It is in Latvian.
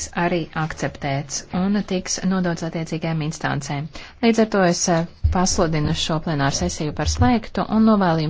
tiks arī akceptēts un tiks nodots attiecīgajām instancēm. Līdz ar to es eh, pasludinu šo plenāru sesiju par slēgtu un novēlu